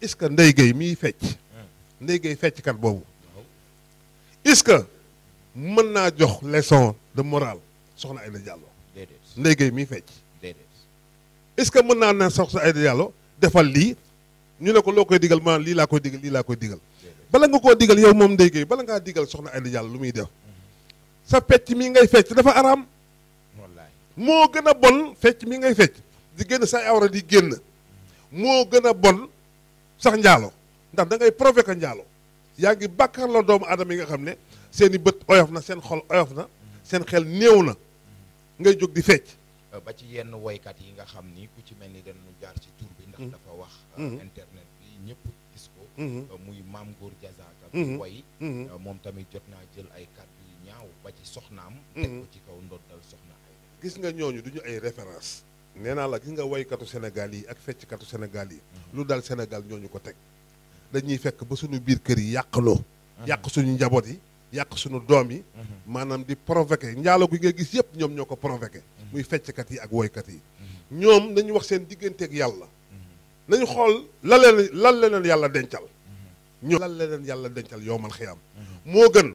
est-ce que Ndeye Gueye miy fecc Ndeye fecckat boobu est-ce que mën naa jox leçon de morale soxna Aïda Diallo Ndeye Gueye miy fecc est-ce que mën naa ne soxna Aïda Diallo defal lii ñu ne ko loo koy digal maanaam lii laa koy digal lii laa koy digal bala nga koo digal yow moom Ndeye Gueye bala ngaa digal soxna Aïda Diallo lu muy def sa fecc mi ngay fecc dafa araam moo gën a bon fecc mi ngay fecc di génn say awra di génn moo gën a bon sax njaalo ndax da ngay provoquer njaalo yaa ngi bàkkaar la doomu aadama yi nga xam ne seeni bët oyof na seen xol oyof na seen xel néew na ngay jóg di fecc euh, ba ci yenn woykat yi nga xam ni ku ci mel ni mu jaar ci tur bi ndax mm-hmm. dafa wax euh, mm-hmm. internet bi ñëpp gis ko mm-hmm. euh, muy maam góor Diazaka bi way moom tamit jot naa jël ay kàddu yu ñaaw ba ci soxnaam teg ci kaw ndoddal soxna gis nga ñooñu du ñu ay référence nee naa la gis nga woykatu Sénégal yi ak fecckatu Sénégal yi mhm. lu daal Sénégal ñooñu ko teg dañuy fekk ba suñu biir kër yi yàqloo mhm. yàq suñu njaboot yi yàq suñu doom yi mhm. maanaam di njaaloo njaalo gi nga gis yëpp ñoom ñoo ko provoqué muy fecckat yi ak woykat yi ñoom nañu wax seen digganteeg yàlla nañu xool la lan leneen yàlla dencal ñoom lan leneen yàlla dencal yowmal xiyaam moo gën